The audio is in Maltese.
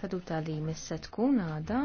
Saduta li missa tkun għada.